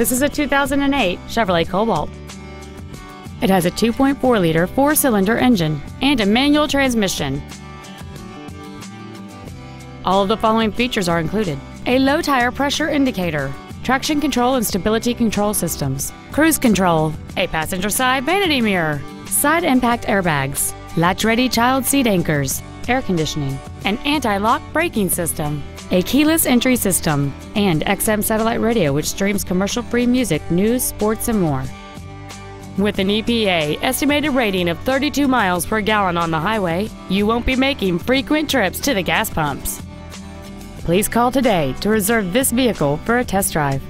This is a 2008 Chevrolet Cobalt. It has a 2.4 liter four cylinder engine and a manual transmission. All of the following features are included a low tire pressure indicator, traction control and stability control systems, cruise control, a passenger side vanity mirror, side impact airbags, latch ready child seat anchors, air conditioning, an anti lock braking system, a keyless entry system, and XM satellite radio which streams commercial free music, news, sports, and more. With an EPA estimated rating of 32 miles per gallon on the highway, you won't be making frequent trips to the gas pumps. Please call today to reserve this vehicle for a test drive.